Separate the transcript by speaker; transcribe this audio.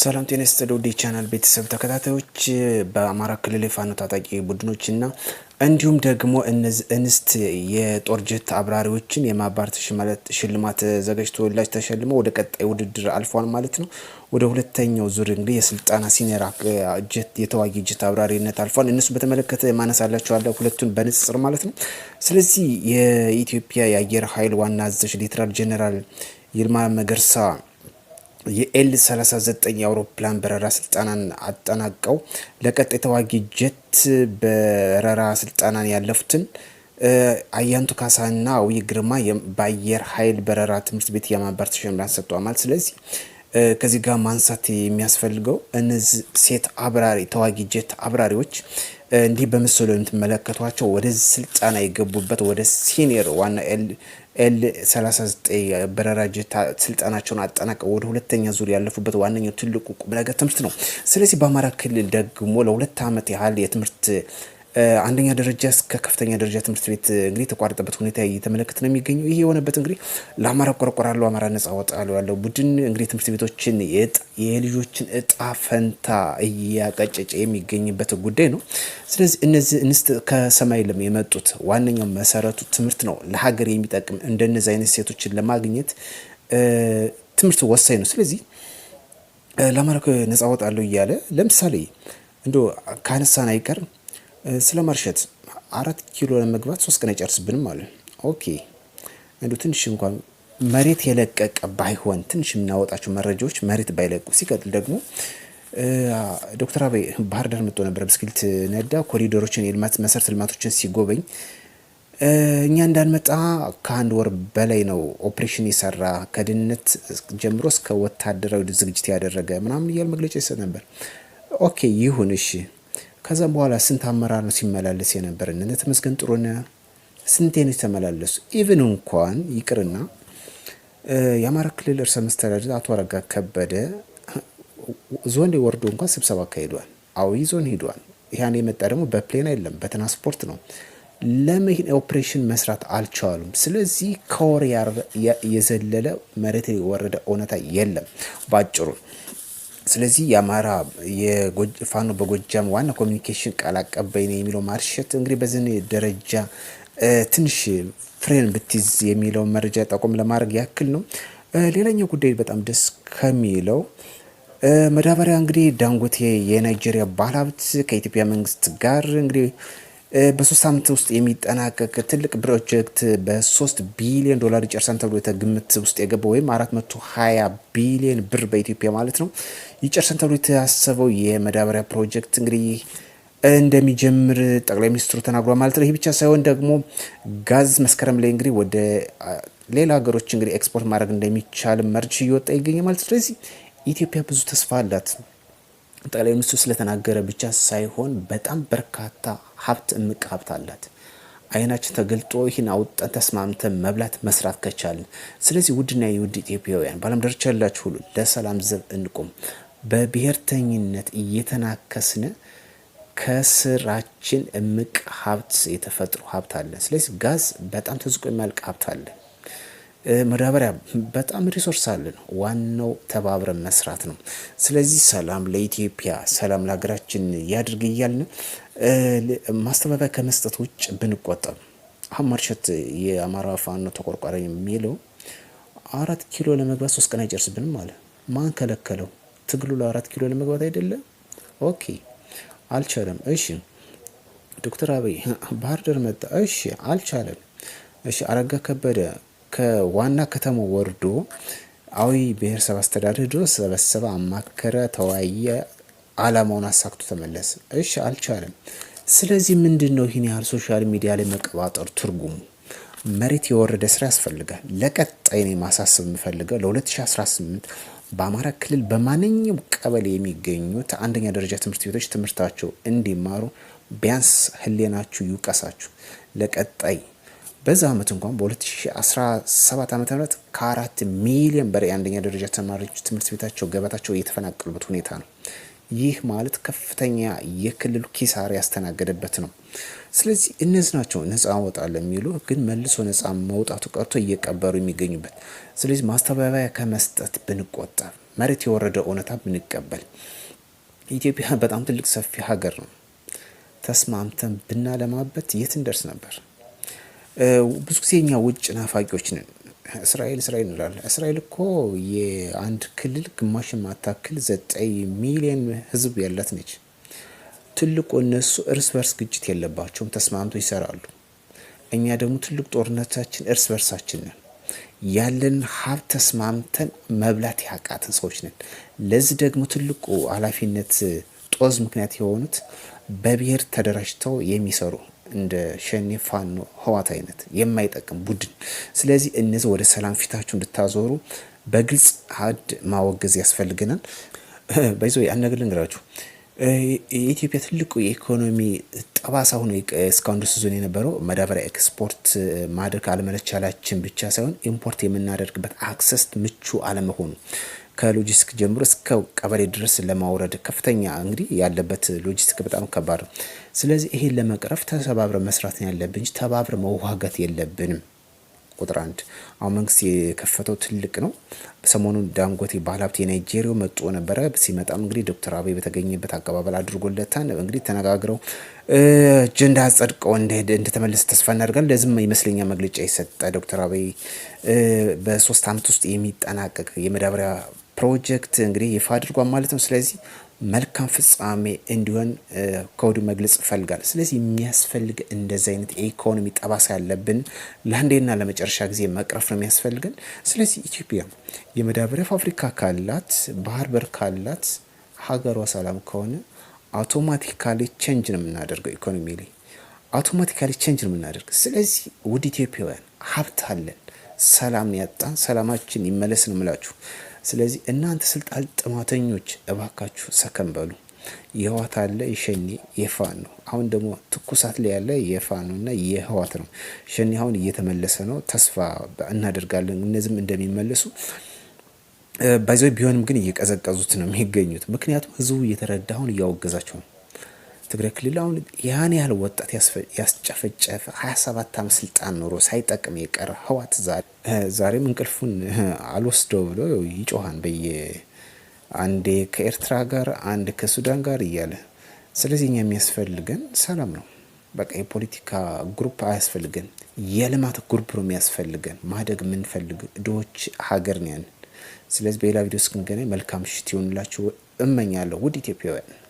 Speaker 1: ሰላም ጤና ስተደ ወደ ቻናል ቤተሰብ ተከታታዮች በአማራ ክልል የፋኖ ታጣቂ ቡድኖችና እንዲሁም ደግሞ እንስት የጦር ጀት አብራሪዎችን የማባረር ሽልማት ተዘጋጅቶላች ተሸልመው ወደ ቀጣይ ውድድር አልፏል ማለት ነው። ወደ ሁለተኛው ዙር እንግዲህ የስልጠና ሲኒየር የተዋጊ ጀት አብራሪነት አልፏል። እነሱ በተመለከተ ማነሳላቸዋለ ሁለቱን በንጽጽር ማለት ነው። ስለዚህ የኢትዮጵያ የአየር ኃይል ዋና አዛዥ ሌተናል ጄኔራል ይልማ መገርሳ የኤል 39 የአውሮፕላን በረራ ስልጠናን አጠናቀው ለቀጣይ ተዋጊ ጀት በረራ ስልጠናን ያለፉትን አያንቱ ካሳና አዊ ግርማ በአየር ኃይል በረራ ትምህርት ቤት የማበረታቻ ሽልማት ሰጥተዋል። ስለዚህ ከዚህ ጋር ማንሳት የሚያስፈልገው እነዚህ ሴት አብራሪ ተዋጊ ጀት አብራሪዎች እንዲህ በምስሉ የምትመለከቷቸው ወደ ስልጠና የገቡበት ወደ ሲኒየር ዋና ኤል 39 በረራ ጀት ስልጠናቸውን አጠናቀው ወደ ሁለተኛ ዙር ያለፉበት ዋነኛው ትልቁ ቁም ነገር ትምህርት ነው። ስለዚህ በአማራ ክልል ደግሞ ለሁለት ዓመት ያህል የትምህርት አንደኛ ደረጃ እስከ ከፍተኛ ደረጃ ትምህርት ቤት እንግዲህ የተቋረጠበት ሁኔታ እየተመለከት ነው የሚገኘው። ይሄ የሆነበት እንግዲህ ለአማራ ቆረቆራለሁ አማራ ነጻ እወጣለሁ ያለው ቡድን እንግዲህ ትምህርት ቤቶችን የልጆችን እጣ ፈንታ እያቀጨጨ የሚገኝበት ጉዳይ ነው። ስለዚህ እነዚህ እንስት ከሰማይ ለም የመጡት ዋነኛው መሰረቱ ትምህርት ነው። ለሀገር የሚጠቅም እንደነዚህ አይነት ሴቶችን ለማግኘት ትምህርት ወሳኝ ነው። ስለዚህ ለአማራ ነጻ ወጣለሁ እያለ ለምሳሌ እንዲ ካነሳን አይቀርም ስለማርሸት አራት ኪሎ ለመግባት ሶስት ቀን አይጨርስብንም አለ። ኦኬ እንዱ ትንሽ እንኳን መሬት የለቀቀ ባይሆን ትንሽ የምናወጣቸው መረጃዎች መሬት ባይለቁ። ሲቀጥል ደግሞ ዶክተር አብይ ባህር ዳር መጥቶ ነበር፣ ብስክሌት ነዳ፣ ኮሪደሮችን የልማት መሰረተ ልማቶችን ሲጎበኝ እኛ እንዳንመጣ ከአንድ ወር በላይ ነው ኦፕሬሽን የሰራ ከደህንነት ጀምሮ እስከ ወታደራዊ ዝግጅት ያደረገ ምናምን እያል መግለጫ ይሰጥ ነበር። ኦኬ ይሁን እሺ። ከዛም በኋላ ስንት አመራር ነው ሲመላለስ የነበረ? እነ ተመስገን ጥሩነህ ስንቴ ነው የተመላለሱ? ኢቭን እንኳን ይቅርና የአማራ ክልል እርሰ መስተዳድር አቶ አረጋ ከበደ ዞን ወርዶ እንኳን ስብሰባ አካሂዷል። አዊ ዞን ሂዷል። ያን የመጣ ደግሞ በፕሌን አይደለም በትራንስፖርት ነው። ለምን ኦፕሬሽን መስራት አልቻሉም? ስለዚህ ከወር የዘለለ መሬት የወረደ እውነታ የለም ባጭሩ ስለዚህ የአማራ ፋኖ በጎጃም ዋና ኮሚኒኬሽን ቃል አቀባይ ነው የሚለው ማርሸት እንግዲህ በዚህ ደረጃ ትንሽ ፍሬን ብትይዝ የሚለው መረጃ ጠቆም ለማድረግ ያክል ነው። ሌላኛው ጉዳይ በጣም ደስ ከሚለው መዳበሪያ እንግዲህ ዳንጎቴ የናይጄሪያ ባለሀብት ከኢትዮጵያ መንግስት ጋር እንግዲህ በሶስት ዓመት ውስጥ የሚጠናቀቅ ትልቅ ፕሮጀክት በሶስት ቢሊዮን ዶላር ይጨርሳን ተብሎ የተግምት ውስጥ የገባው ወይም 420 ቢሊዮን ብር በኢትዮጵያ ማለት ነው ይጨርሳን ተብሎ የታሰበው የመዳበሪያ ፕሮጀክት እንግዲህ እንደሚጀምር ጠቅላይ ሚኒስትሩ ተናግሯል ማለት ነው። ይህ ብቻ ሳይሆን ደግሞ ጋዝ መስከረም ላይ እንግዲህ ወደ ሌላ ሀገሮች እንግዲህ ኤክስፖርት ማድረግ እንደሚቻል መርጅ እየወጣ ይገኛል ማለት ነው። ስለዚህ ኢትዮጵያ ብዙ ተስፋ አላት። ጠቅላይ ሚኒስትሩ ስለተናገረ ብቻ ሳይሆን በጣም በርካታ ሀብት እምቅ ሀብት አላት። አይናችን ተገልጦ ይህን አውጠን ተስማምተን መብላት መስራት ከቻልን፣ ስለዚህ ውድና የውድ ኢትዮጵያውያን በዓለም ደረጃ ያላችሁ ሁሉ ለሰላም ዘብ እንቁም። በብሔርተኝነት እየተናከስን ከስራችን እምቅ ሀብት የተፈጥሮ ሀብት አለን። ስለዚህ ጋዝ በጣም ተዝቆ የሚያልቅ ሀብት አለን። መዳበሪያ በጣም ሪሶርስ አለን። ዋናው ተባብረን መስራት ነው። ስለዚህ ሰላም ለኢትዮጵያ፣ ሰላም ለሀገራችን ያድርግ እያልን ማስተባበያ ከመስጠት ውጭ ብንቆጠብ አሁን ማርሸት የአማራ ፋኖ ተቆርቋሪ የሚለው አራት ኪሎ ለመግባት ሶስት ቀን አይጨርስብንም አለ። ማን ከለከለው? ትግሉ ለአራት ኪሎ ለመግባት አይደለም። ኦኬ አልቻለም። እሺ ዶክተር አብይ ባህር ዳር መጣ። እሺ አልቻለም። እሺ አረጋ ከበደ ከዋና ከተማ ወርዶ አዊ ብሔረሰብ አስተዳደር ድረስ ሰበሰበ፣ አማከረ፣ ተወያየ፣ አላማውን አሳክቶ ተመለሰ። እሺ አልቻለም። ስለዚህ ምንድን ነው ይህን ያህል ሶሻል ሚዲያ ላይ መቀባጠር ትርጉሙ? መሬት የወረደ ስራ ያስፈልጋል። ለቀጣይ ነው ማሳሰብ የምፈልገው ለ2018 በአማራ ክልል በማንኛውም ቀበሌ የሚገኙት አንደኛ ደረጃ ትምህርት ቤቶች ትምህርታቸው እንዲማሩ ቢያንስ ህሌናችሁ ይውቀሳችሁ ለቀጣይ በዛ ዓመት እንኳን በ2017 ዓ ም ከአራት ሚሊዮን በላይ የአንደኛ ደረጃ ተማሪዎች ትምህርት ቤታቸው ገበታቸው እየተፈናቀሉበት ሁኔታ ነው። ይህ ማለት ከፍተኛ የክልሉ ኪሳር ያስተናገደበት ነው። ስለዚህ እነዚህ ናቸው ነፃ ወጣለ የሚሉ ግን መልሶ ነፃ መውጣቱ ቀርቶ እየቀበሩ የሚገኙበት። ስለዚህ ማስተባበያ ከመስጠት ብንቆጠብ፣ መሬት የወረደ እውነታ ብንቀበል፣ ኢትዮጵያ በጣም ትልቅ ሰፊ ሀገር ነው። ተስማምተን ብናለማበት የት እንደርስ ነበር? ብዙ ጊዜ እኛ ውጭ ናፋቂዎች ነን። እስራኤል እስራኤል እንላለን። እስራኤል እኮ የአንድ ክልል ግማሽ የማታክል ዘጠኝ ሚሊዮን ህዝብ ያላት ነች። ትልቁ እነሱ እርስ በርስ ግጭት የለባቸውም፣ ተስማምቶ ይሰራሉ። እኛ ደግሞ ትልቅ ጦርነታችን እርስ በርሳችን ነን። ያለን ሀብት ተስማምተን መብላት ያቃትን ሰዎች ነን። ለዚህ ደግሞ ትልቁ ኃላፊነት ጦዝ ምክንያት የሆኑት በብሔር ተደራጅተው የሚሰሩ እንደ ሸኔ ፋኖ ህዋት አይነት የማይጠቅም ቡድን። ስለዚህ እነዚህ ወደ ሰላም ፊታችሁ እንድታዞሩ በግልጽ ሀድ ማወገዝ ያስፈልግናል። በይዞ ያን ነገር ልንገራችሁ፣ የኢትዮጵያ ትልቁ የኢኮኖሚ ጠባሳ ሆኖ እስካሁን ድረስ ዞን የነበረው መዳበሪያ ኤክስፖርት ማድረግ አለመቻላችን ብቻ ሳይሆን ኢምፖርት የምናደርግበት አክሰስ ምቹ አለመሆኑ ከሎጂስቲክ ጀምሮ እስከ ቀበሌ ድረስ ለማውረድ ከፍተኛ እንግዲህ ያለበት ሎጂስቲክ በጣም ከባድ ነው። ስለዚህ ይሄን ለመቅረፍ ተሰባብረ መስራት ነው ያለብን እንጂ ተባብረ መዋጋት የለብንም። ቁጥር አንድ አሁን መንግስት የከፈተው ትልቅ ነው። ሰሞኑን ዳንጎቴ ባለሀብት የናይጄሪያው መጥቶ ነበረ። ሲመጣም እንግዲህ ዶክተር አብይ በተገኘበት አቀባበል አድርጎለታ እንግዲህ ተነጋግረው አጀንዳ ጸድቀው እንደሄደ እንደተመለሰ ተስፋ እናደርጋል። ለዚህም የመስለኛ መግለጫ የሰጠ ዶክተር አብይ በሶስት አመት ውስጥ የሚጠናቀቅ የመዳበሪያ ፕሮጀክት እንግዲህ ይፋ አድርጓል ማለት ነው። ስለዚህ መልካም ፍጻሜ እንዲሆን ከወዲሁ መግለጽ ይፈልጋል ስለዚህ የሚያስፈልግ እንደዚህ አይነት የኢኮኖሚ ጠባሳ ያለብን ለአንዴና ለመጨረሻ ጊዜ መቅረፍ ነው የሚያስፈልገን። ስለዚህ ኢትዮጵያ የመዳበሪያ ፋብሪካ ካላት፣ ባህር በር ካላት፣ ሀገሯ ሰላም ከሆነ አውቶማቲካሊ ቼንጅ ነው የምናደርገው ኢኮኖሚ ላይ አውቶማቲካሊ ቼንጅ ነው የምናደርግ። ስለዚህ ውድ ኢትዮጵያውያን ሀብት አለን፣ ሰላም ያጣን ሰላማችን ይመለስ ነው የምላችሁ። ስለዚህ እናንተ ስልጣን ጥማተኞች እባካችሁ ሰከን በሉ። የህዋት አለ የሸኔ የፋን ነው። አሁን ደግሞ ትኩሳት ላይ ያለ ነው እና የህዋት ነው። ሸኔ አሁን እየተመለሰ ነው፣ ተስፋ እናደርጋለን እነዚህም እንደሚመለሱ ባይዘ ቢሆንም ግን እየቀዘቀዙት ነው የሚገኙት። ምክንያቱም ህዝቡ እየተረዳ አሁን እያወገዛቸው ነው። ትግራይ ክልል አሁን ያን ያህል ወጣት ያስጨፈጨፈ 27 ዓመት ስልጣን ኖሮ ሳይጠቅም የቀረ ህዋት ዛሬም እንቅልፉን አልወስደው ብሎ ይጮሃን በየ አንዴ ከኤርትራ ጋር አንድ ከሱዳን ጋር እያለ ስለዚህ እኛ የሚያስፈልገን ሰላም ነው። በቃ የፖለቲካ ግሩፕ አያስፈልገን፣ የልማት ግሩፕ ነው የሚያስፈልገን። ማደግ የምንፈልግ ድሆች ሀገር ነን። ስለዚህ በሌላ ቪዲዮ እስክንገናኝ መልካም ምሽት ይሆንላችሁ እመኛለሁ ውድ ኢትዮጵያውያን።